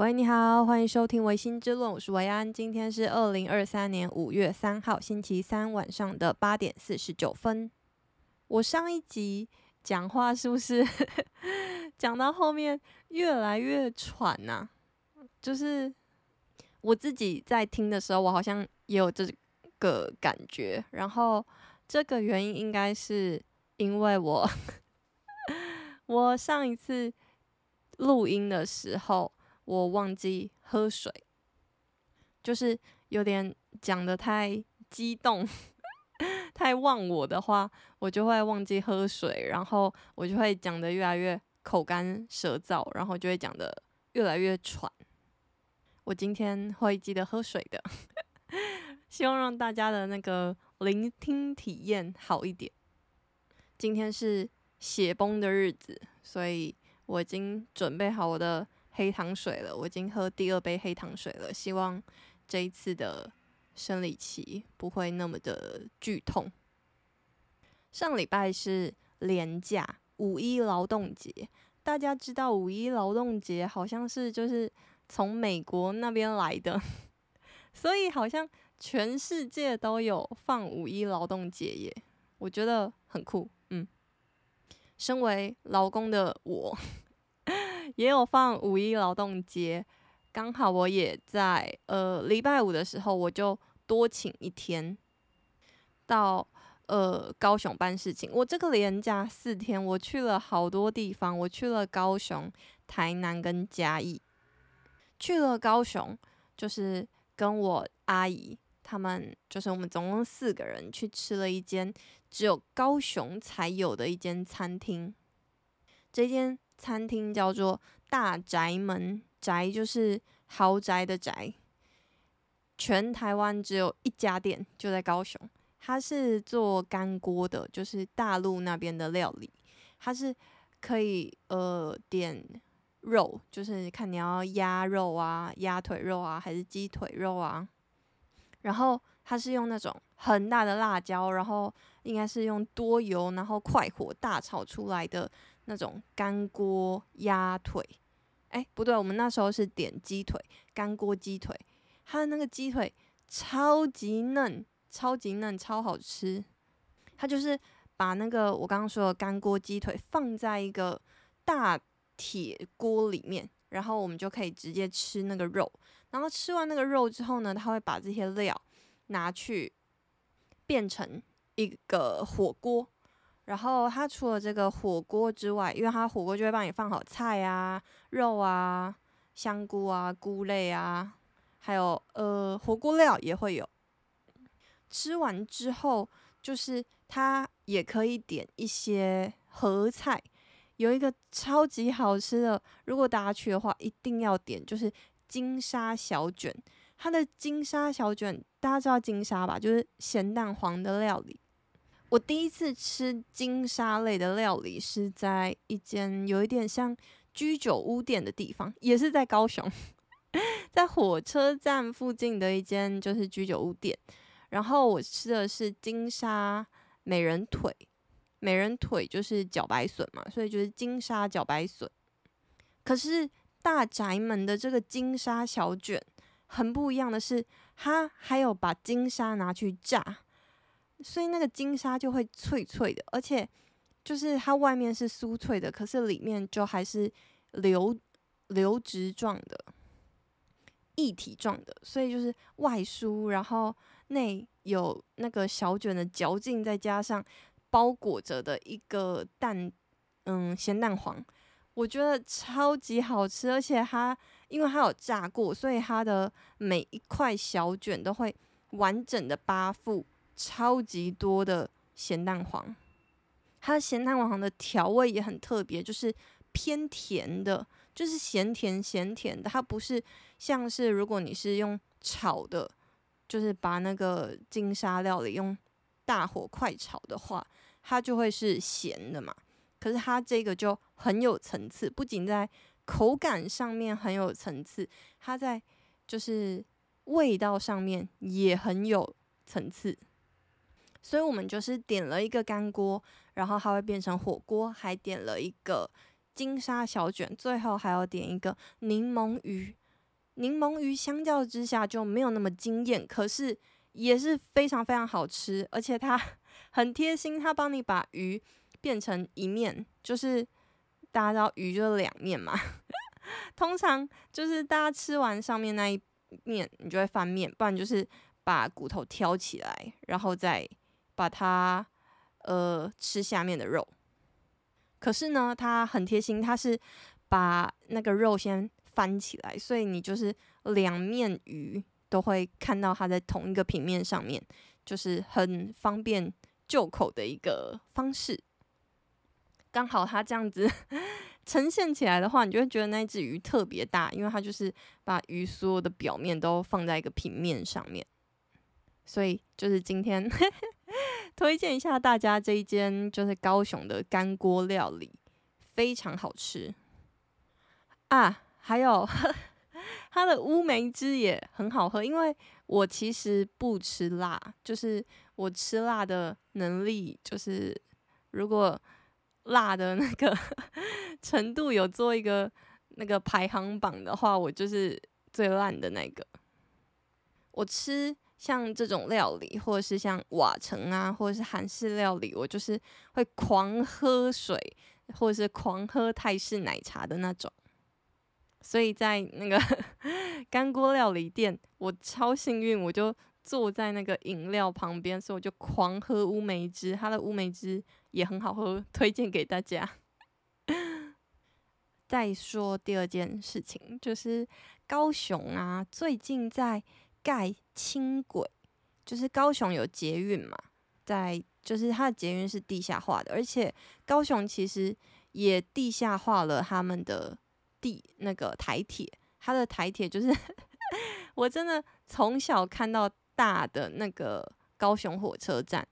喂，你好，歡迎收聽《薇心之論》，我是維安。今天是二零二三年五月三號星期三晚上的八點四十九分。我上一集講話是不是 講到後面越來越喘吶、啊？就是我自己在聽的時候，我好像也有這個感覺。然後這個原因應該是因為我 我上一次錄音的時候。我忘記喝水，就是有點講的太激動、太忘我的話，我就會忘記喝水，然後我就會講的越來越口乾舌燥，然後就會講的越來越喘。我今天會記得喝水的，希望讓大家的那個聆聽體驗好一點。今天是血崩的日子，所以我已經準備好我的黑糖水了，我已經喝第二杯黑糖水了。希望這一次的生理期不會那麼的劇痛。上禮拜是連假，五一勞動節，大家知道五一勞動節好像是就是從美國那邊來的，所以好像全世界都有放五一勞動節耶。我覺得很酷。嗯，身為勞工的我。也有放五一勞動節，剛好我也在呃禮拜五的時候，我就多請一天到呃高雄辦事情。我這個連假四天，我去了好多地方，我去了高雄、台南跟嘉義。去了高雄，就是跟我阿姨他們，就是我們總共四個人去吃了一間只有高雄才有的一間餐廳，這間。餐廳叫做大宅門，宅就是豪宅的宅。全台灣只有一家店，就在高雄。它是做乾鍋的，就是大陸那邊的料理。它是可以呃點肉，就是看你要鴨肉啊、鴨腿肉啊，還是雞腿肉啊。然後它是用那種很大的辣椒，然後應該是用多油，然後快火大炒出來的。那種乾鍋鴨腿，哎、欸，不對，我們那時候是點雞腿，乾鍋雞腿。它的那個雞腿超級嫩，超級嫩，超好吃。它就是把那個我剛剛說的乾鍋雞腿放在一個大鐵鍋裡面，然後我們就可以直接吃那個肉。然後吃完那個肉之後呢，它會把這些料拿去變成一個火鍋。然後它除了這個火鍋之外，因為它火鍋就會幫你放好菜啊、肉啊、香菇啊、菇類啊，還有呃火鍋料也會有。吃完之後，就是它也可以點一些合菜，有一個超級好吃的，如果大家去的話一定要點，就是金沙小卷。它的金沙小卷大家知道金沙吧？就是鹹蛋黃的料理。我第一次吃金沙類的料理是在一間有一點像居酒屋店的地方，也是在高雄，在火車站附近的一間就是居酒屋店。然後我吃的是金沙美人腿，美人腿就是茭白筍嘛，所以就是金沙茭白筍。可是大宅門的這個金沙小卷很不一樣的是，它還有把金沙拿去炸。所以那個金沙就會脆脆的，而且就是它外面是酥脆的，可是裡面就還是流流汁狀的、液體狀的，所以就是外酥，然後內有那個小卷的嚼勁，再加上包裹着的一個蛋，嗯，鹹蛋黃，我覺得超級好吃，而且它因為它有炸過，所以它的每一塊小卷都會完整的包覆。超級多的鹹蛋黃，它的鹹蛋黃的調味也很特別，就是偏甜的，就是鹹甜鹹甜的。它不是像是如果你是用炒的，就是把那個金沙料理用大火快炒的話，它就會是鹹的嘛。可是它這個就很有層次，不僅在口感上面很有層次，它在就是味道上面也很有層次。所以我們就是點了一個乾鍋，然後它會變成火鍋，還點了一個金沙小卷，最後還要點一個檸檬魚。檸檬魚相較之下就沒有那麼驚艷，可是也是非常非常好吃，而且它很貼心，它幫你把魚變成一面，就是大家知道魚就是兩面嘛。 通常就是大家吃完上面那一面，你就會翻面，不然就是把骨頭挑起來，然後再。把它，呃，吃下面的肉。可是呢，它很貼心，它是把那個肉先翻起來，所以你就是兩面魚都會看到它在同一個平面上面，就是很方便就口的一個方式。剛好它這樣子 呈現起來的話，你就會覺得那隻魚特別大，因為它就是把魚所有的表面都放在一個平面上面，所以就是今天。 推薦一下大家這一間，就是高雄的乾鍋料理，非常好吃啊！還有它的烏梅汁也很好喝，因為我其實不吃辣，就是我吃辣的能力，就是如果辣的那個程度有做一個那個排行榜的話，我就是最爛的那個。我吃。像這種料理，或者是像瓦城啊，或者是韓式料理，我就是會狂喝水，或者是狂喝泰式奶茶的那種。所以在那個乾鍋料理店，我超幸運，我就坐在那個飲料旁邊，所以我就狂喝烏梅汁，他的烏梅汁也很好喝，推薦給大家。再說第二件事情，就是高雄啊，最近在蓋輕軌，就是高雄有捷運嘛，在就是它的捷運是地下化的，而且高雄其實也地下化了他們的地那個台鐵，它的台鐵就是 我真的從小看到大的那個高雄火車站，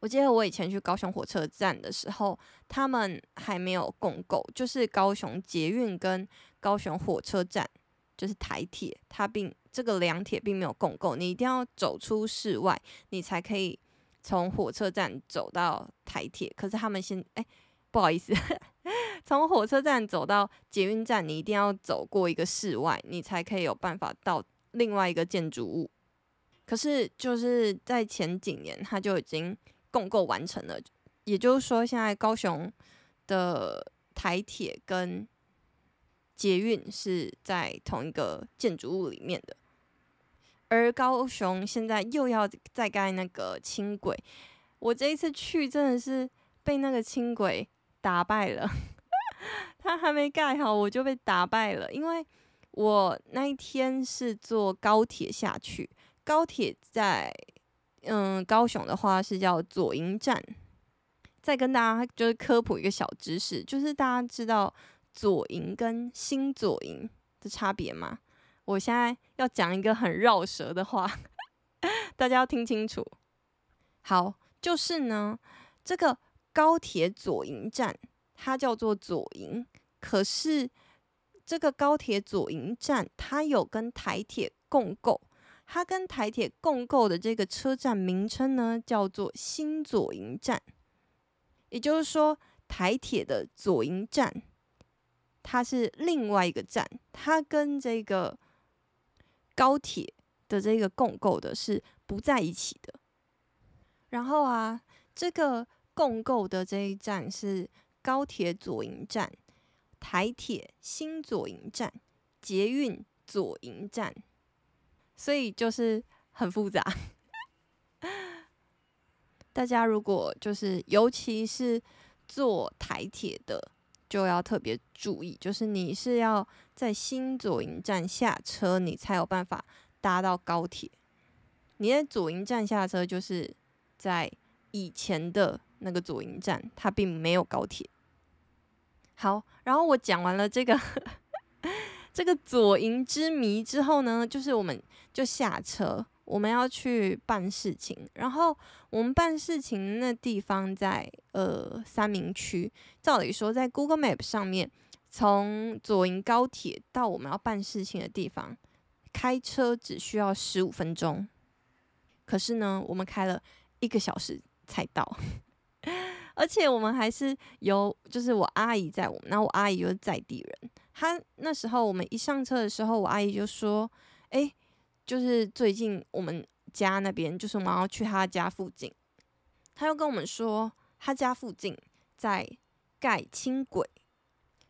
我記得我以前去高雄火車站的時候，他們還沒有共構，就是高雄捷運跟高雄火車站就是台鐵它並。這個兩鐵並沒有共構，你一定要走出室外，你才可以從火車站走到台鐵。可是他們先，哎、欸，不好意思，從火車站走到捷運站，你一定要走過一個室外，你才可以有辦法到另外一個建築物。可是就是在前幾年，他就已經共構完成了，也就是說，現在高雄的台鐵跟捷運是在同一個建築物裡面的。而高雄現在又要再蓋那個輕軌，我這一次去真的是被那個輕軌打敗了。呵呵，他還沒蓋好，我就被打敗了。因為我那一天是坐高鐵下去，高鐵在嗯，高雄的話是叫左營站。再跟大家就是科普一個小知識，就是大家知道左營跟新左營的差別嗎？我現在要講一個很繞舌的話，大家要聽清楚。好，就是呢，這個高鐵左營站，它叫做左營，可是這個高鐵左營站，它有跟台鐵共構，它跟台鐵共構的這個車站名稱呢，叫做新左營站。也就是說，台鐵的左營站，它是另外一個站，它跟這個。高鐵的這個共構的是不在一起的。然後啊，這個共構的這一站是高鐵左營站、台鐵新左營站、捷運左營站，所以就是很複雜。 大家如果就是，尤其是坐台鐵的。就要特別注意，就是你是要在新左營站下車，你才有辦法搭到高鐵。你在左營站下車，就是在以前的那個左營站，它並沒有高鐵。好，然後我講完了這個，呵呵，這個左營之謎之後呢，就是我們就下車。我們要去辦事情，然後我們辦事情的那地方在呃三民區。照理說，在 Google Map 上面，從左營高鐵到我們要辦事情的地方，開車只需要十五分鐘。可是呢，我們開了一個小時才到，而且我們還是有，就是我阿姨載我們，那我阿姨又在地人。她那時候我們一上車的時候，我阿姨就說：“哎。”就是最近我們家那邊，就是我們要去他家附近，他又跟我們說他家附近在蓋輕軌，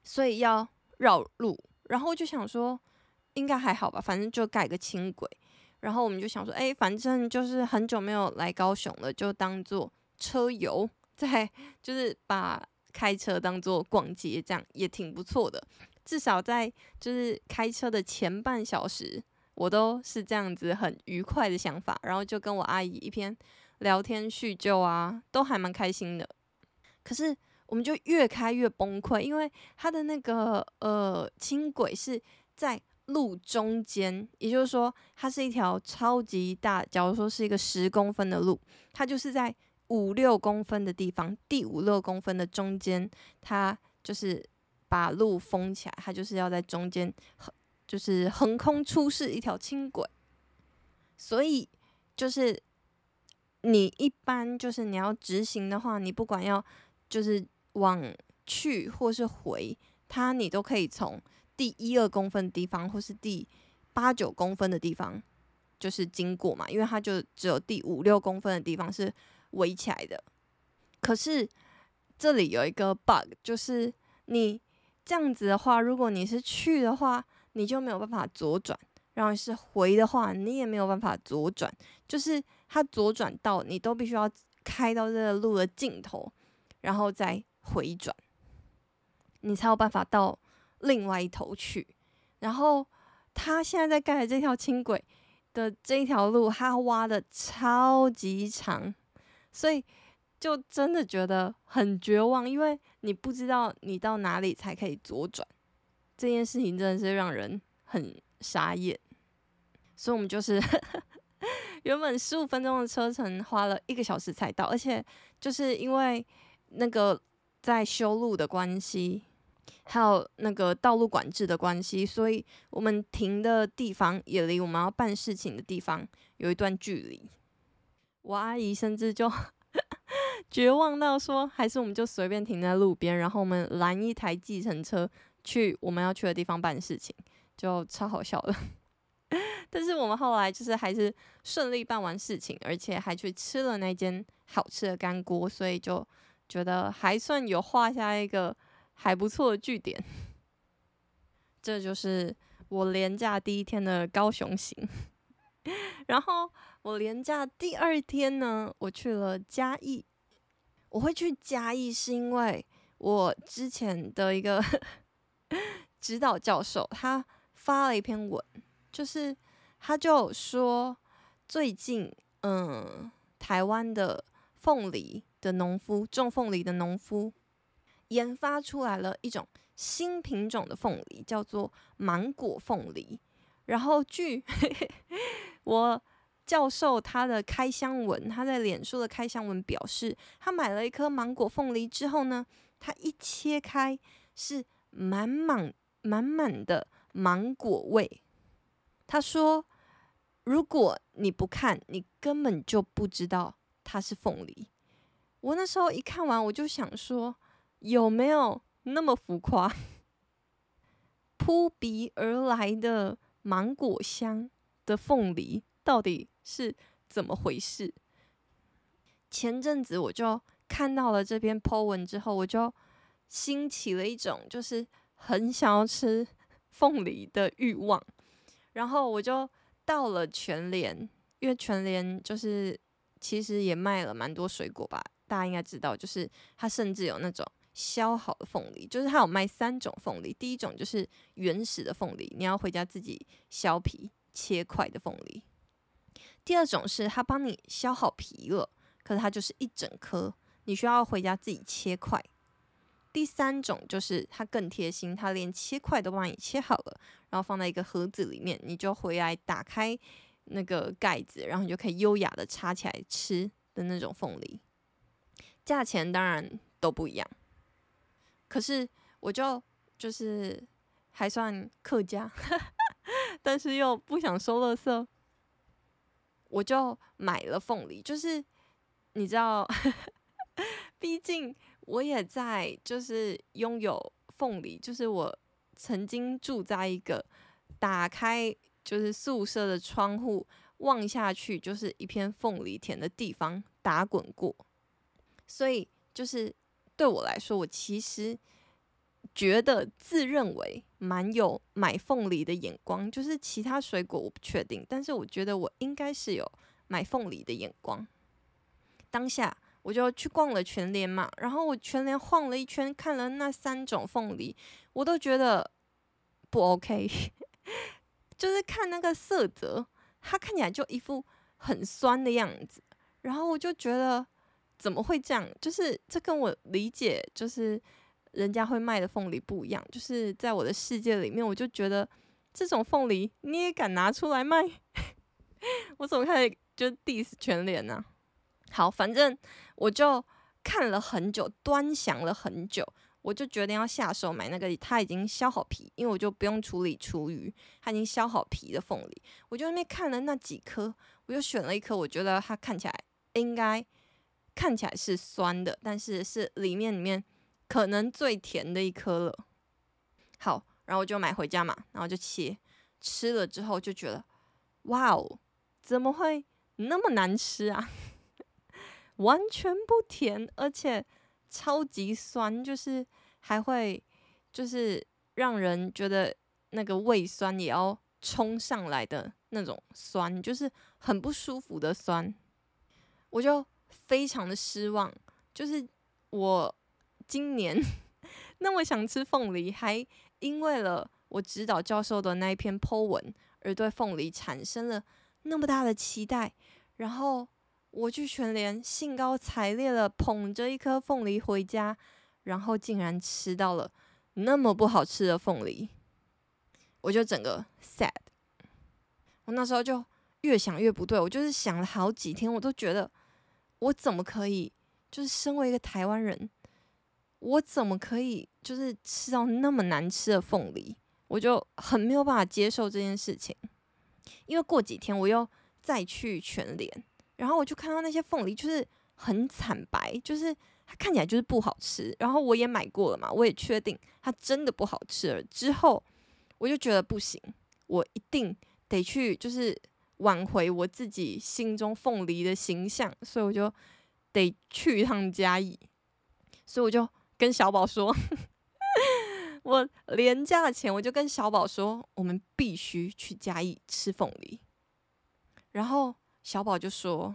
所以要繞路。然後就想說應該還好吧，反正就蓋個輕軌。然後我們就想說，哎，反正就是很久沒有來高雄了，就當做車遊，在就是把開車當做逛街，這樣也挺不錯的。至少在就是開車的前半小時。我都是這樣子很愉快的想法，然後就跟我阿姨一邊聊天敘舊啊，都還蠻開心的。可是我們就越開越崩潰，因為它的那個呃輕軌是在路中間，也就是說它是一條超級大，假如說是一個十公分的路，它就是在五六公分的地方，第五六公分的中間，它就是把路封起來，它就是要在中間。就是橫空出世一條輕軌，所以就是你一般就是你要直行的話，你不管要就是往去或是回，它你都可以從第一二公分的地方或是第八九公分的地方就是經過嘛，因為它就只有第五六公分的地方是圍起來的。可是這裡有一個 bug，就是你這樣子的話，如果你是去的話。你就沒有辦法左轉，然後是回的話，你也沒有辦法左轉，就是它左轉到你都必須要開到這個路的盡頭，然後再回轉，你才有辦法到另外一頭去。然後它現在在蓋的這條輕軌的這條路，它挖得超級長，所以就真的覺得很絕望，因為你不知道你到哪裡才可以左轉。這件事情真的是讓人很傻眼，所以我們就是呵呵原本十五分鐘的車程，花了一個小時才到。而且就是因為那個在修路的關係，還有那個道路管制的關係，所以我們停的地方也離我們要辦事情的地方有一段距離。我阿姨甚至就呵呵絕望到說：“還是我們就隨便停在路邊，然後我們攔一台計程車。”去我們要去的地方辦事情，就超好笑的。但是我們後來就是還是順利辦完事情，而且還去吃了那間好吃的乾鍋，所以就覺得還算有畫下一個還不錯的句點。這就是我連假第一天的高雄行。然後我連假第二天呢，我去了嘉義。我會去嘉義是因為我之前的一個。指導教授他發了一篇文，就是他就說最近，嗯、呃，台灣的鳳梨的農夫種鳳梨的農夫研發出來了一種新品種的鳳梨，叫做芒果鳳梨。然後據 我教授他的開箱文，他在臉書的開箱文表示，他買了一顆芒果鳳梨之後呢，他一切開是。滿滿滿滿的芒果味，他說：“如果你不看，你根本就不知道它是鳳梨。”我那時候一看完，我就想說：“有沒有那麼浮誇？”撲鼻而來的芒果香的鳳梨到底是怎麼回事？前陣子我就看到了這篇 po 文之後，我就。興起了一種就是很想要吃鳳梨的慾望，然後我就到了全聯，因為全聯就是其實也賣了蠻多水果吧，大家應該知道，就是它甚至有那種削好的鳳梨，就是它有賣三種鳳梨，第一種就是原始的鳳梨，你要回家自己削皮切塊的鳳梨；第二種是它幫你削好皮了，可是它就是一整顆，你需要回家自己切塊。第三種就是它更貼心，它連切塊都幫你切好了，然後放在一個盒子裡面，你就回來打開那個蓋子，然後你就可以優雅的插起來吃的那種鳳梨。價錢當然都不一樣，可是我就就是還算客家，呵呵但是又不想收垃圾，我就買了鳳梨，就是你知道，畢竟。我也在，就是擁有鳳梨，就是我曾經住在一個打開就是宿舍的窗戶望下去就是一片鳳梨田的地方打滾過，所以就是對我來說，我其實覺得自認為蠻有買鳳梨的眼光，就是其他水果我不確定，但是我覺得我應該是有買鳳梨的眼光，當下。我就去逛了全聯嘛，然後我全聯晃了一圈，看了那三種鳳梨，我都覺得不 OK， 就是看那個色澤，它看起來就一副很酸的樣子，然後我就覺得怎麼會這樣？就是這跟我理解就是人家會賣的鳳梨不一樣，就是在我的世界裡面，我就覺得這種鳳梨你也敢拿出來賣？ 我怎麼看就 diss 全聯呢？好，反正我就看了很久，端詳了很久，我就決定要下手買那個，它已經削好皮，因為我就不用處理廚餘，它已經削好皮的鳳梨。我就在那邊看了那幾顆，我就選了一顆，我覺得它看起來應該看起來是酸的，但是是裡面裡面可能最甜的一顆了。好，然後我就買回家嘛，然後就切吃了之後就覺得，哇哦，怎麼會那麼難吃啊？完全不甜，而且超級酸，就是還會就是讓人覺得那個胃酸也要衝上來的那種酸，就是很不舒服的酸。我就非常的失望，就是我今年那麼想吃鳳梨，還因為了我指導教授的那一篇 po 文而對鳳梨產生了那麼大的期待，然後。我去全聯，興高采烈的捧着一顆鳳梨回家，然後竟然吃到了那麼不好吃的鳳梨，我就整個 sad。我那時候就越想越不對，我就是想了好幾天，我都覺得我怎麼可以，就是身為一個台灣人，我怎麼可以就是吃到那麼難吃的鳳梨？我就很沒有辦法接受這件事情，因為過幾天我又再去全聯。然後我就看到那些鳳梨就是很慘白，就是它看起來就是不好吃。然後我也買過了嘛，我也確定它真的不好吃了。之後我就覺得不行，我一定得去，就是挽回我自己心中鳳梨的形象。所以我就得去一趟嘉義。所以我就跟小寶說， 我連假前，我就跟小寶說，我們必須去嘉義吃鳳梨。然後。小寶就說：“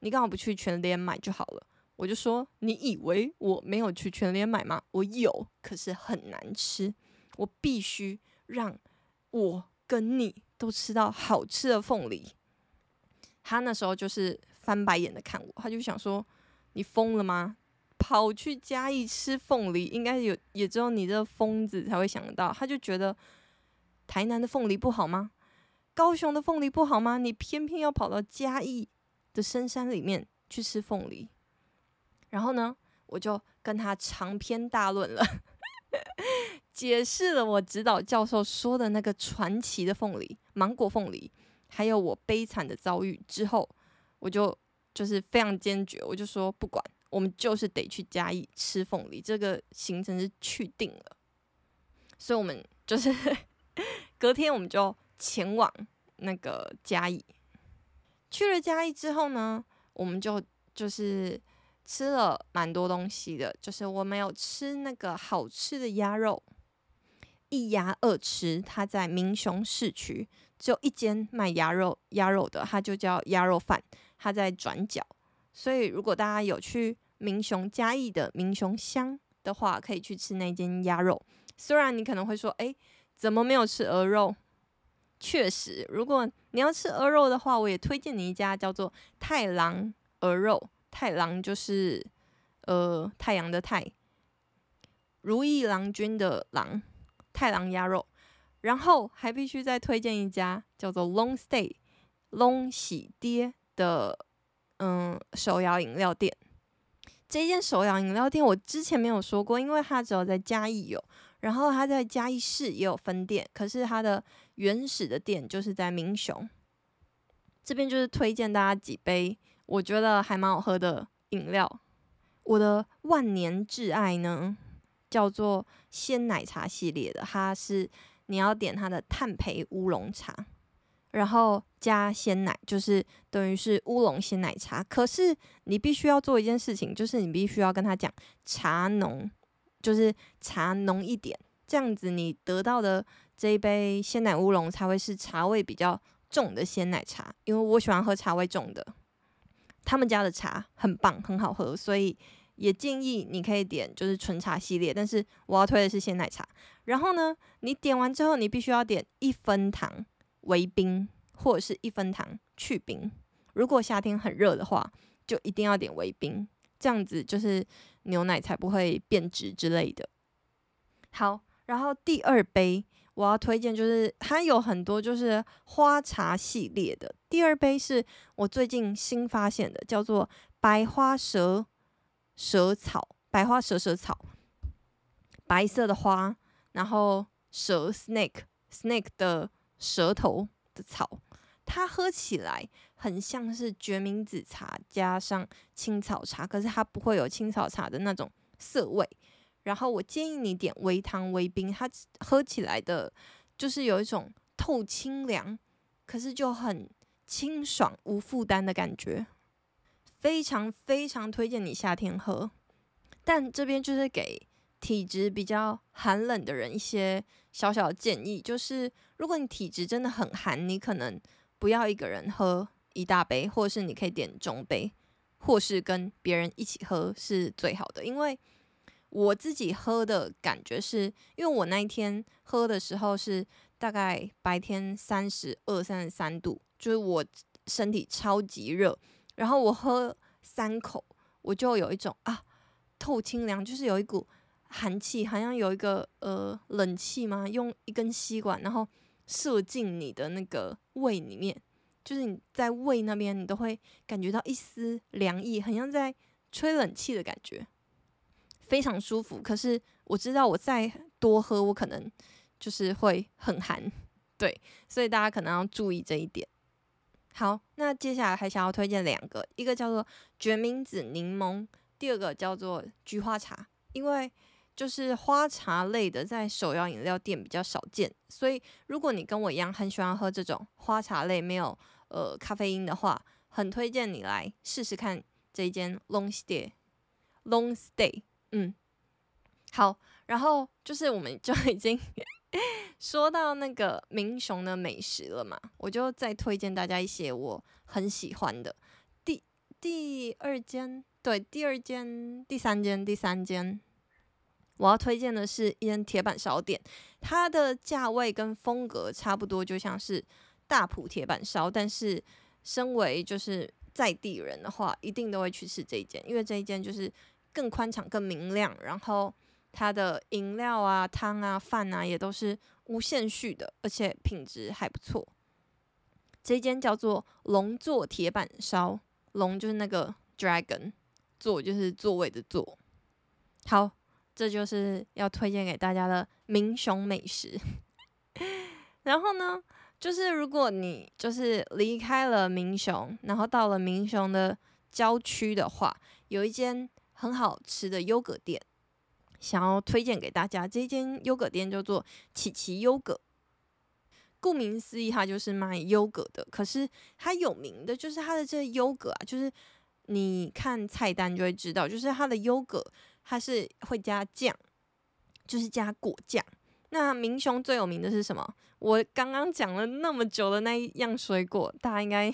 你幹嘛不去全聯買就好了？”我就說：“你以為我沒有去全聯買嗎？我有，可是很難吃。我必須讓我跟你都吃到好吃的鳳梨。”他那時候就是翻白眼的看我，他就想說：“你瘋了嗎？跑去嘉義吃鳳梨，應該有也只有你這個瘋子才會想得到。”他就覺得台南的鳳梨不好嗎？高雄的鳳梨不好嗎？你偏偏要跑到嘉義的深山裡面去吃鳳梨，然後呢，我就跟他長篇大論了，解釋了我指導教授說的那個傳奇的鳳梨、芒果鳳梨，還有我悲慘的遭遇之後，我就就是非常堅決，我就說不管，我們就是得去嘉義吃鳳梨，這個行程是去定了，所以我們就是隔天我們就。前往那個嘉義，去了嘉義之後呢，我們就就是吃了蠻多東西的，就是我沒有吃那個好吃的鴨肉，一鴨二吃。它在民雄市區只有一間賣鴨肉鴨肉的，它就叫鴨肉飯。它在轉角，所以如果大家有去民雄嘉義的民雄鄉的話，可以去吃那間鴨肉。雖然你可能會說，哎、欸，怎麼沒有吃鵝肉？確實，如果你要吃鵝肉的話，我也推薦你一家叫做太郎鵝肉。太郎就是呃太陽的太，如意郎君的郎，太郎鴨肉。然後還必須再推薦一家叫做 Long Stay, Long 喜爹的嗯、呃、手搖飲料店。這間手搖飲料店我之前沒有說過，因為它只有在嘉義有，然後它在嘉義市也有分店，可是它的。原始的店就是在民雄這邊，就是推薦大家幾杯，我覺得還蠻好喝的飲料。我的萬年摯愛呢，叫做鮮奶茶系列的，它是你要點它的炭焙烏龍茶，然後加鮮奶，就是等於是烏龍鮮奶茶。可是你必須要做一件事情，就是你必須要跟他講茶濃，就是茶濃一點，這樣子你得到的。這一杯鮮奶烏龍才會是茶味比較重的鮮奶茶，因為我喜歡喝茶味重的。他們家的茶很棒，很好喝，所以也建議你可以點就是純茶系列。但是我要推的是鮮奶茶。然後呢，你點完之後，你必須要點一分糖、微冰或者是一分糖去冰。如果夏天很熱的話，就一定要點微冰，這樣子就是牛奶才不會變質之類的。好，然後第二杯。我要推薦就是它有很多就是花茶系列的。第二杯是我最近新發現的，叫做白花蛇舌草，白花蛇舌草，白色的花，然後蛇 （snake）snake Snake 的舌頭的草。它喝起來很像是決明子茶加上青草茶，可是它不會有青草茶的那種澀味。然後我建議你點微糖、微冰，它喝起來的，就是有一種透清涼，可是就很清爽無負擔的感覺，非常非常推薦你夏天喝。但這邊就是給體質比較寒冷的人一些小小的建議，就是如果你體質真的很寒，你可能不要一個人喝一大杯，或是你可以點中杯，或是跟別人一起喝是最好的，因為。我自己喝的感覺是，因為我那一天喝的時候是大概白天三十二、三十三度，就是我身體超級熱，然後我喝三口，我就有一種啊透清涼，就是有一股寒氣，好像有一個呃冷氣嘛，用一根吸管，然後射進你的那個胃裡面，就是你在胃那邊，你都會感覺到一絲涼意，很像在吹冷氣的感覺。非常舒服，可是我知道我再多喝，我可能就是會很寒，對，所以大家可能要注意這一點。好，那接下來還想要推薦兩個，一個叫做決明子檸檬，第二個叫做菊花茶，因為就是花茶類的在手搖飲料店比較少見，所以如果你跟我一樣很喜歡喝這種花茶類沒有呃咖啡因的話，很推薦你來試試看這一間 Long Stay Long Stay。嗯，好，然後就是我們就已經 說到那個民雄的美食了嘛，我就再推薦大家一些我很喜歡的。第第二間，對，第二間，第三間，第三間，我要推薦的是一間鐵板燒店，它的價位跟風格差不多，就像是大埔鐵板燒，但是身為就是在地人的話，一定都會去吃這一間，因為這一間就是。更寬敞、更明亮，然後它的飲料啊、湯啊、飯啊也都是無限續的，而且品質還不錯。這間叫做“龍座鐵板燒”，龍就是那個 dragon，座就是座位的座。好，這就是要推薦給大家的民雄美食。 然後呢，就是如果你就是離開了民雄，然後到了民雄的郊區的話，有一間。很好吃的優格店，想要推薦給大家。這間優格店叫做琪琪優格，顧名思義，它就是賣優格的。可是它有名的就是它的這優格啊，就是你看菜單就會知道，就是它的優格它是會加醬，就是加果醬。那民雄最有名的是什麼？我剛剛講了那麼久的那一樣水果，大家應該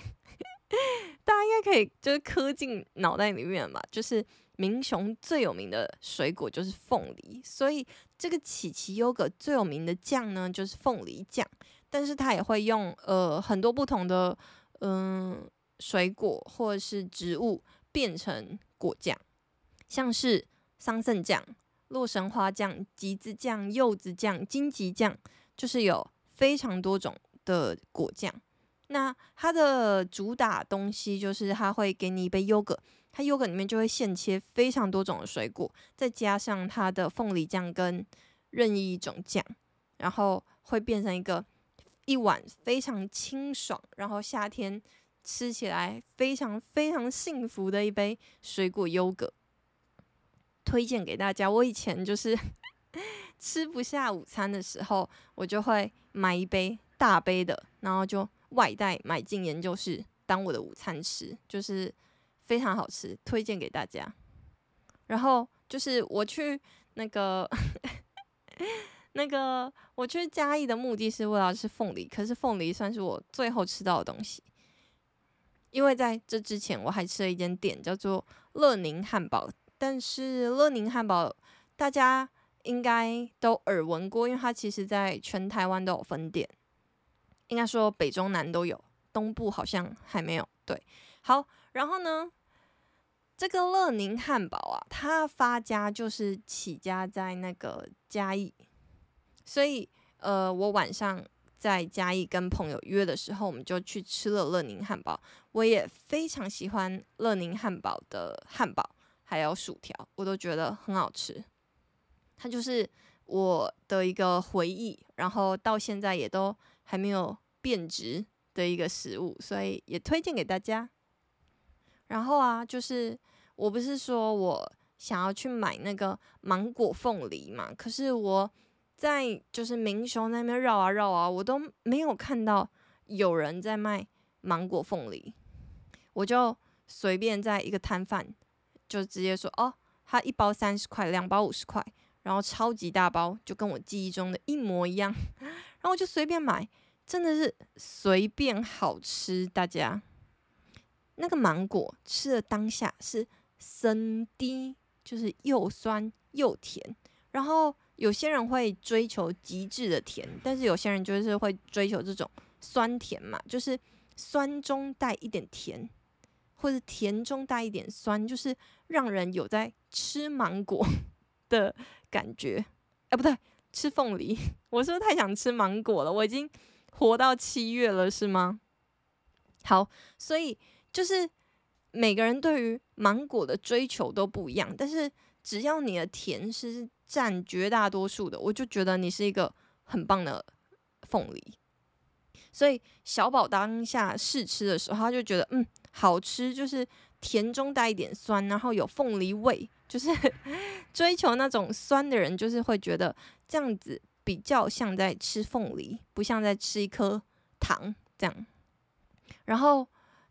大家應該可以就是刻進腦袋裡面嘛，就是。明雄最有名的水果就是鳳梨，所以這個琪琪優格最有名的醬呢，就是鳳梨醬，但是它也會用呃很多不同的嗯、呃、水果或者是植物變成果醬，像是桑葚醬、洛神花醬、橘子醬、柚子醬、金桔醬，就是有非常多種的果醬。那它的主打東西就是它會給你一杯優格。它優格裡面就會現切非常多種的水果，再加上它的鳳梨醬跟任意一種醬，然後會變成一個一碗非常清爽，然後夏天吃起來非常非常幸福的一杯水果優格，推薦給大家。我以前就是 吃不下午餐的時候，我就會買一杯大杯的，然後就外帶買進研究室當我的午餐吃，就是。非常好吃，推薦給大家。然後就是我去那個 那個，我去嘉義的目的是為了要吃鳳梨，可是鳳梨算是我最後吃到的東西，因為在這之前我還吃了一間店叫做樂寧漢堡，但是樂寧漢堡大家應該都耳聞過，因為它其實在全台灣都有分店，應該說北中南都有，東部好像還沒有。對，好。然後呢，這個樂寧漢堡啊，它發家就是起家在那個嘉義，所以呃，我晚上在嘉義跟朋友約的時候，我們就去吃了樂寧漢堡。我也非常喜歡樂寧漢堡的漢堡還有薯條，我都覺得很好吃。它就是我的一個回憶，然後到現在也都還沒有變質的一個食物，所以也推薦給大家。然後啊，就是我不是說我想要去買那個芒果鳳梨嘛，可是我在就是民雄那邊繞啊繞啊，我都沒有看到有人在賣芒果鳳梨，我就隨便在一個攤販就直接說，哦，他一包三十塊，兩包五十塊，然後超級大包，就跟我記憶中的一模一樣，然後我就隨便買，真的是隨便好吃，大家。那個芒果吃的當下是生低，就是又酸又甜。然後有些人會追求極致的甜，但是有些人就是會追求這種酸甜嘛，就是酸中帶一點甜，或是甜中帶一點酸，就是讓人有在吃芒果的感覺。哎、欸，不對，吃鳳梨。我是不是太想吃芒果了？我已經活到七月了，是嗎？好，所以。就是每個人對於芒果的追求都不一樣，但是只要你的甜是佔絕大多數的，我就覺得你是一個很棒的鳳梨。所以小寶當下試吃的時候，他就覺得嗯，好吃，就是甜中帶一點酸，然後有鳳梨味。就是呵呵，追求那種酸的人，就是會覺得這樣子比較像在吃鳳梨，不像在吃一顆糖這樣。然後。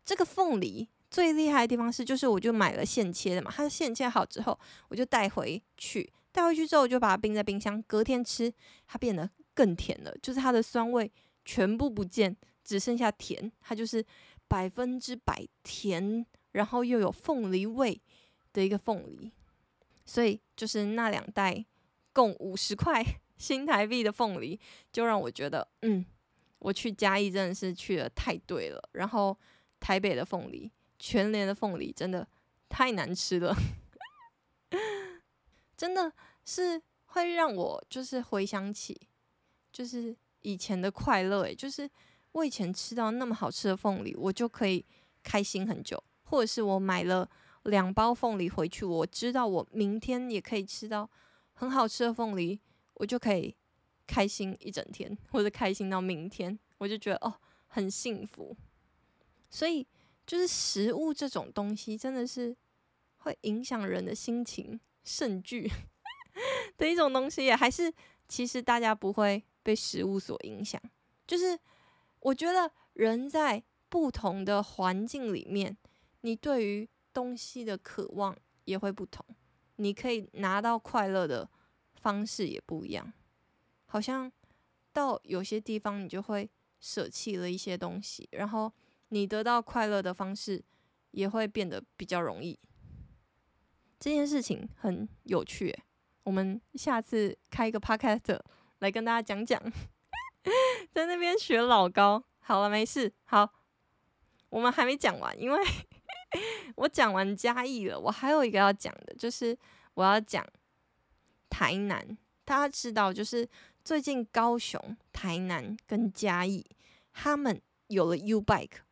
這個鳳梨最厲害的地方是，就是我就買了現切的嘛，它現切好之後，我就帶回去，帶回去之後我就把它冰在冰箱，隔天吃，它變得更甜了，就是它的酸味全部不見，只剩下甜，它就是百分之百甜，然後又有鳳梨味的一個鳳梨，所以就是那兩袋共五十塊新台幣的鳳梨，就讓我覺得，嗯，我去嘉義真的是去得太對了，然後。台北的鳳梨，全聯的鳳梨真的太難吃了， 真的是會讓我就是回想起，就是以前的快樂。哎，就是我以前吃到那麼好吃的鳳梨，我就可以開心很久；或者是我買了兩包鳳梨回去，我知道我明天也可以吃到很好吃的鳳梨，我就可以開心一整天，或者開心到明天，我就覺得哦，很幸福。所以，就是食物這種東西，真的是會影響人的心情、甚至的一種東西，還是其實大家不會被食物所影響？就是我覺得人在不同的環境裡面，你對於東西的渴望也會不同，你可以拿到快樂的方式也不一樣。好像到有些地方，你就會捨棄了一些東西，然後。你得到快樂的方式也會變得比較容易。這件事情很有趣，欸，我們下次開一個 podcast 來跟大家講講。在那邊學老高，好了，沒事。好，我們還沒講完，因為我講完嘉義了，我還有一個要講的，就是我要講台南。大家知道，就是最近高雄、台南跟嘉義，他們有了 U Bike。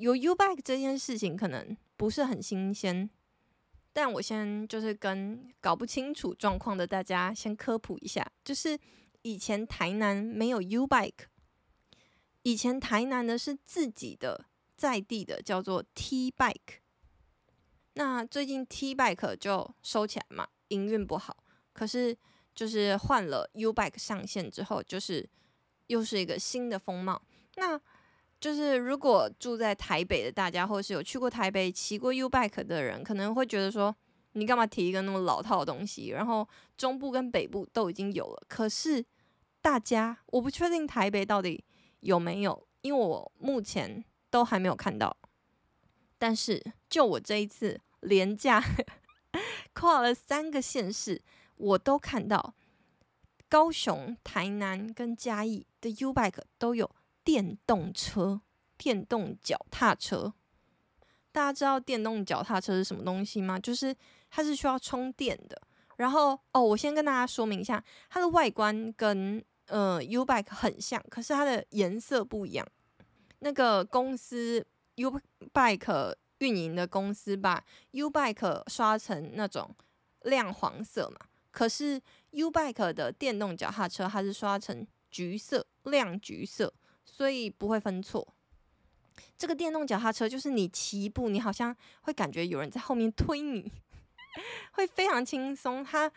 有 U bike 這件事情可能不是很新鮮，但我先就是跟搞不清楚狀況的大家先科普一下，就是以前台南沒有 U bike，以前台南的是自己的在地的叫做 T bike，那最近 T bike 就收起來嘛，營運不好，可是就是換了 U bike 上線之後，就是又是一個新的風貌，那。就是如果住在台北的大家，或是有去過台北騎過 U bike 的人，可能會覺得說，你干嘛提一個那麼老套的東西？然後中部跟北部都已經有了，可是大家我不確定台北到底有沒有，因為我目前都還沒有看到。但是就我這一次廉價 跨了三個縣市，我都看到高雄、台南跟嘉義的 U bike 都有。電動車、電動腳踏車，大家知道電動腳踏車是什麼東西嗎？就是它是需要充電的。然後哦，我先跟大家說明一下，它的外觀跟呃 U Bike 很像，可是它的顏色不一樣。那個公司 U Bike 運營的公司把 U Bike 刷成那種亮黃色嘛，可是 U Bike 的電動腳踏車它是刷成橘色、亮橘色。所以不會分錯。這個電動腳踏車就是你騎一步，你好像會感覺有人在後面推你，會非常輕鬆。它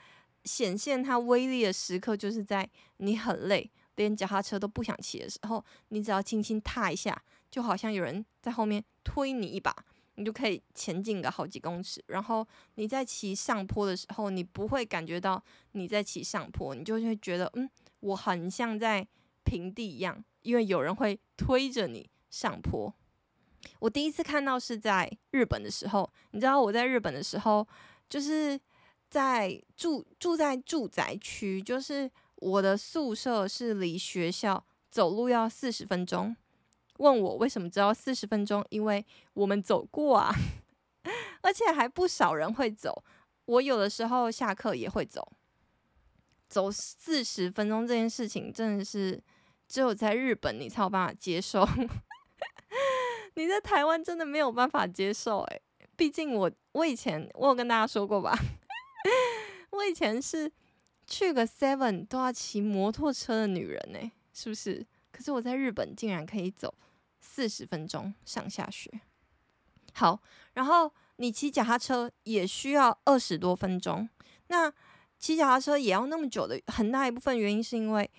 顯現它威力的時刻，就是在你很累，連腳踏車都不想騎的時候，你只要輕輕踏一下，就好像有人在後面推你一把，你就可以前進個好幾公尺。然後你在騎上坡的時候，你不會感覺到你在騎上坡，你就會覺得嗯，我很像在平地一樣。因為有人會推着你上坡。我第一次看到是在日本的時候，你知道我在日本的時候，就是在住住在住宅區，就是我的宿舍是離學校走路要四十分鐘。問我為什麼知道四十分鐘？因為我們走過啊，而且還不少人會走。我有的時候下課也會走，走四十分鐘這件事情真的是。只有在日本你才有辦法接受， 你在台灣真的沒有辦法接受誒、欸，畢竟我我以前我有跟大家說過吧， 我以前是去個 Seven 都要騎摩托車的女人哎、欸，是不是？可是我在日本竟然可以走四十分鐘上下學，好，然後你騎腳踏車也需要二十多分鐘，那騎腳踏車也要那麼久的很大一部分原因是因為。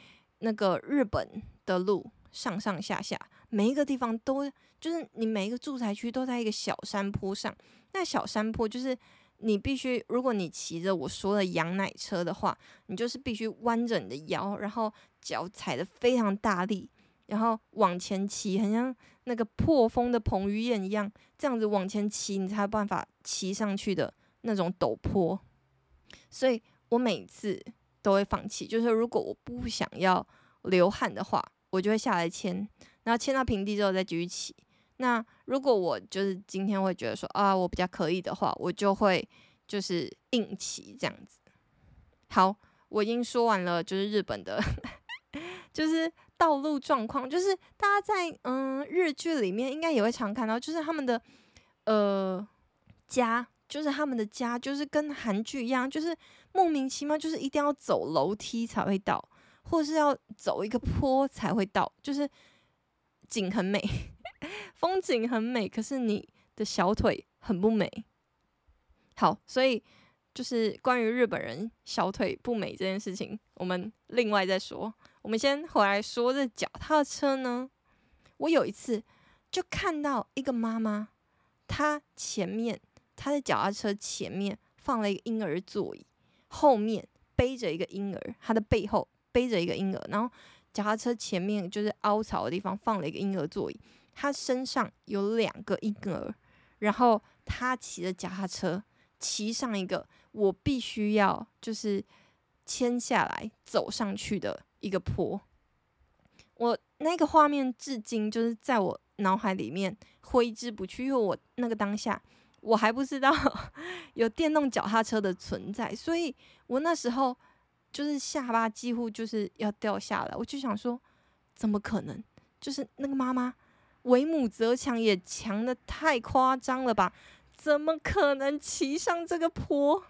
那個日本的路上上下下，每一個地方都就是你每一個住宅區都在一個小山坡上，那小山坡就是你必須，如果你騎着我說的羊奶車的話，你就是必須彎着你的腰，然後腳踩得非常大力，然後往前騎，很像那個破風的彭於晏一樣，這樣子往前騎，你才有辦法騎上去的那種陡坡，所以我每次。都會放棄。就是如果我不想要流汗的話，我就會下來牽，然後牽到平地之後再繼續騎。那如果我就是今天會覺得說啊，我比較可以的話，我就會就是硬騎這樣子。好，我已經說完了，就是日本的，就是道路狀況，就是大家在嗯日劇裡面應該也會常看到，就是他們的呃家。就是他們的家，就是跟韓劇一樣，就是莫名其妙，就是一定要走樓梯才會到，或是要走一個坡才會到。就是景很美， 風景很美，可是你的小腿很不美。好，所以就是關於日本人小腿不美這件事情，我們另外再說。我們先回來說這腳踏車呢。我有一次就看到一個媽媽，她前面。他的腳踏車前面放了一個嬰兒座椅，後面背着一個嬰兒，他的背後背着一個嬰兒，然後腳踏車前面就是凹槽的地方放了一個嬰兒座椅，他身上有兩個嬰兒，然後他騎着腳踏車，騎上一個我必須要就是牽下來走上去的一個坡，我那個畫面至今就是在我腦海裡面揮之不去，因為我那個當下。我還不知道有電動腳踏車的存在，所以我那時候就是下巴幾乎就是要掉下來。我就想說，怎麼可能？就是那個媽媽為母則強，也強得太誇張了吧？怎麼可能騎上這個坡？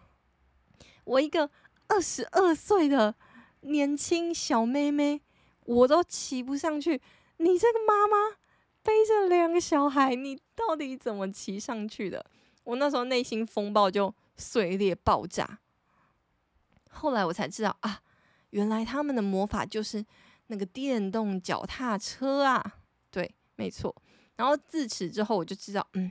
我一個二十二歲的年輕小妹妹，我都騎不上去，你這個媽媽背着兩個小孩，你到底怎麼騎上去的？我那時候內心風暴就碎裂爆炸。後來我才知道啊，原來他們的魔法就是那個電動腳踏車啊，對，沒錯。然後自此之後我就知道，嗯，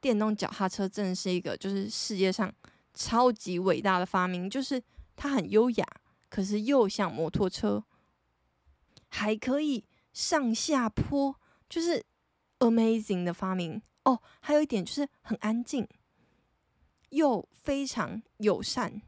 電動腳踏車真的是一個就是世界上超級偉大的發明，就是它很優雅，可是又像摩托車，還可以上下坡，就是 amazing 的發明。哦，還有一點就是很安靜，又非常友善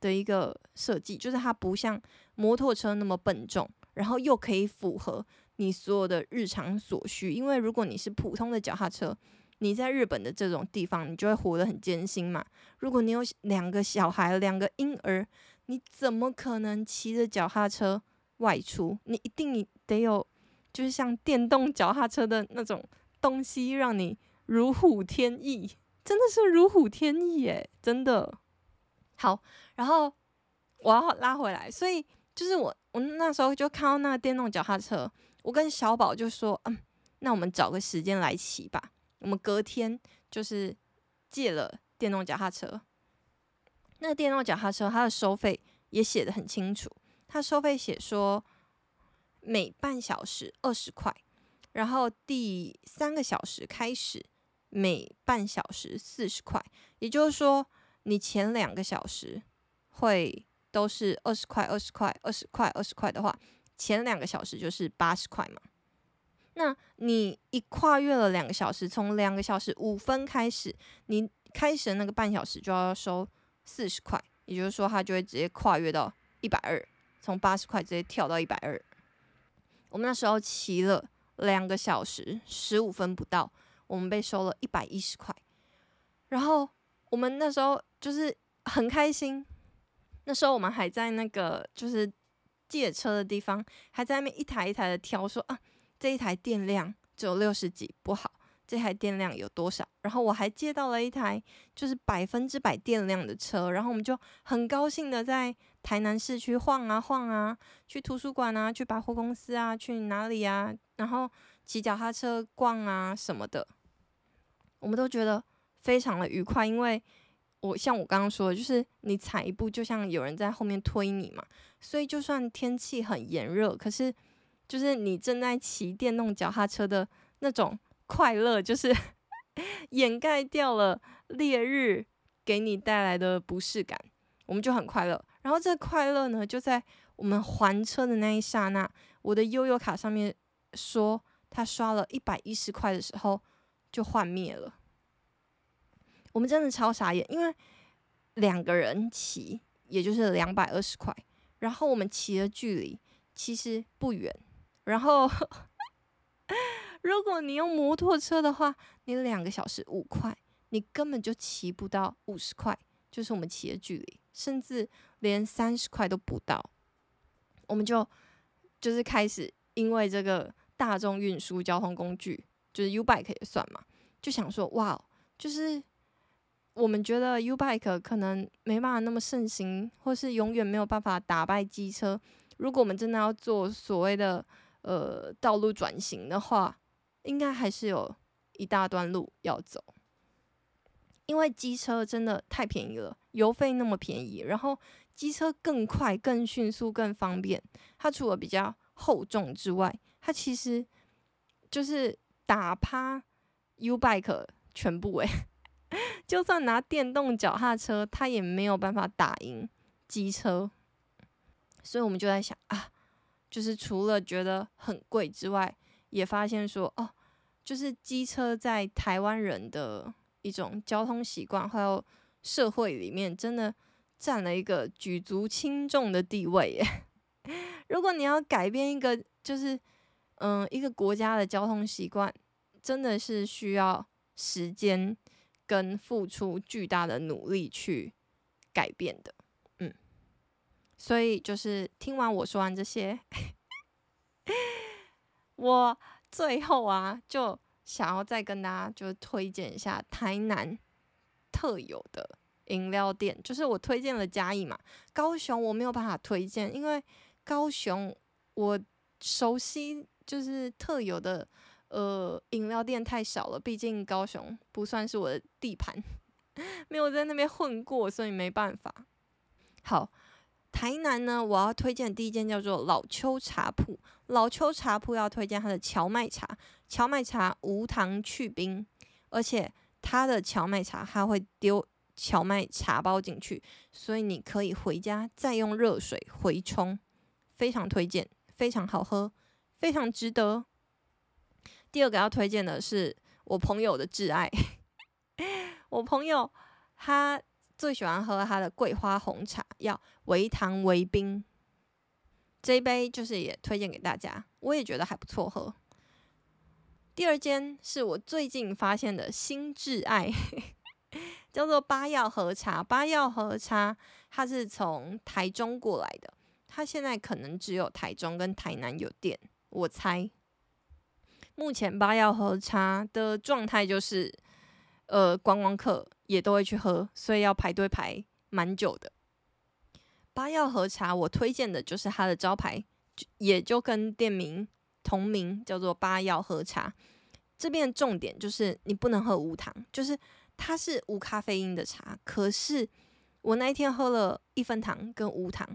的一個設計，就是它不像摩托車那麼笨重，然後又可以符合你所有的日常所需。因為如果你是普通的腳踏車，你在日本的這種地方，你就會活得很艱辛嘛。如果你有兩個小孩、兩個嬰兒，你怎麼可能騎着腳踏車外出？你一定得有，就是像電動腳踏車的那種東西讓你。如虎添翼，真的是如虎添翼誒，真的好。然後我要拉回來，所以就是我我那時候就看到那個電動腳踏車，我跟小寶就說，嗯，那我們找個時間來騎吧。我們隔天就是借了電動腳踏車。那個電動腳踏車它的收費也寫得很清楚，它收費寫說每半小時二十塊，然後第三個小時開始。每半小時四十塊，也就是說，你前兩個小時會都是二十塊、二十塊、二十塊、二十塊的話，前兩個小時就是八十塊嘛。那你一跨越了兩個小時，從兩個小時五分開始，你開始的那個半小時就要收四十塊，也就是說，它就會直接跨越到一百二，從八十塊直接跳到一百二。我們那時候騎了兩個小時十五分不到。我們被收了一百一十塊，然後我們那時候就是很開心。那時候我們還在那個就是借車的地方，還在那邊一台一台的挑說，說啊這一台電量只有六十幾，不好；這台電量有多少？然後我還借到了一台就是百分之百電量的車，然後我們就很高興的在台南市區晃啊晃啊，去圖書館啊，去百、啊、貨公司啊，去哪裡啊，然後騎腳踏車逛啊什麼的。我們都覺得非常的愉快，因為我像我剛剛說的，就是你踩一步就像有人在後面推你嘛，所以就算天氣很炎熱，可是就是你正在騎電動腳踏車的那種快樂，就是 掩蓋掉了烈日給你帶來的不適感，我們就很快樂。然後這快樂呢，就在我們還車的那一剎那，我的悠遊卡上面說他刷了一百一十塊的時候。就幻滅了，我們真的超傻眼，因為兩個人騎，也就是兩百二十塊，然後我們騎的距離其實不遠，然後 如果你用摩托車的話，你兩個小時五塊，你根本就騎不到五十塊，就是我們騎的距離，甚至連三十塊都不到，我們就就是開始因為這個大眾運輸交通工具。就是 U-bike 也算嘛，就想說哇，就是我們覺得 U-bike 可能沒辦法那麼盛行，或是永遠沒有辦法打敗機車。如果我們真的要做所謂的呃道路轉型的話，應該還是有一大段路要走，因為機車真的太便宜了，油費那麼便宜，然後機車更快、更迅速、更方便。它除了比較厚重之外，它其實就是。打趴 U Bike 全部誒、欸， 就算拿電動腳踏車，它也沒有辦法打贏機車，所以我們就在想啊，就是除了覺得很貴之外，也發現說哦，就是機車在台灣人的一種交通習慣還有社會裡面，真的佔了一個舉足輕重的地位耶、欸。 如果你要改變一個，就是。嗯，一個國家的交通習慣真的是需要時間跟付出巨大的努力去改變的。嗯，所以就是聽完我說完這些， 我最後啊，就想要再跟大家就推薦一下台南特有的飲料店，就是我推薦了嘉義嘛，高雄我沒有辦法推薦，因為高雄我熟悉。就是特有的，呃，飲料店太少了。畢竟高雄不算是我的地盤，沒有在那邊混過，所以沒辦法。好，台南呢，我要推薦第一間叫做老秋茶鋪。老秋茶鋪要推薦它的蕎麥茶，蕎麥茶無糖去冰，而且它的蕎麥茶，它會丟蕎麥茶包進去，所以你可以回家再用熱水回沖，非常推薦，非常好喝。非常值得。第二個要推薦的是我朋友的摯愛， 我朋友他最喜歡喝他的桂花紅茶，要微糖微冰。這一杯就是也推薦給大家，我也覺得還不錯喝。第二間是我最近發現的新摯愛， 叫做八曜和茶。八曜和茶，它是從台中過來的，它現在可能只有台中跟台南有店。我猜，目前八曜和茶的狀態就是，呃，觀光客也都會去喝，所以要排隊排蠻久的。八曜和茶，我推薦的就是它的招牌，也就跟店名同名，叫做八曜和茶。這邊的重點就是，你不能喝無糖，就是它是無咖啡因的茶。可是我那一天喝了一分糖跟無糖，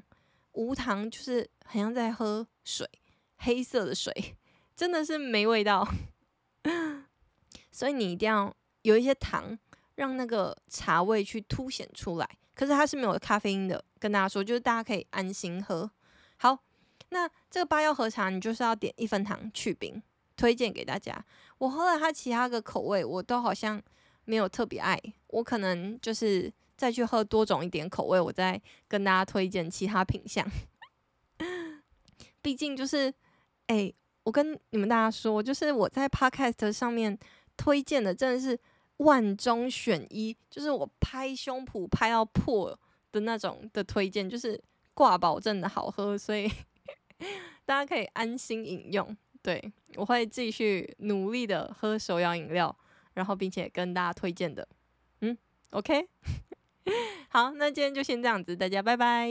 無糖就是好像在喝水。黑色的水真的是沒味道， 所以你一定要有一些糖，讓那個茶味去凸顯出來。可是它是沒有咖啡因的，跟大家說，就是大家可以安心喝。好，那這個八幺喝茶，你就是要點一分糖去冰，推薦給大家。我喝了它其他的口味，我都好像沒有特別愛，我可能就是再去喝多種一點口味，我再跟大家推薦其他品項。 畢竟就是。哎、欸，我跟你們大家說，就是我在 podcast 上面推薦的，真的是萬中選一，就是我拍胸脯拍到破的那種的推薦，就是掛保證的好喝，所以大家可以安心飲用。對，我會繼續努力的喝手搖飲料，然後並且跟大家推薦的。嗯，OK， 好，那今天就先這樣子，大家拜拜。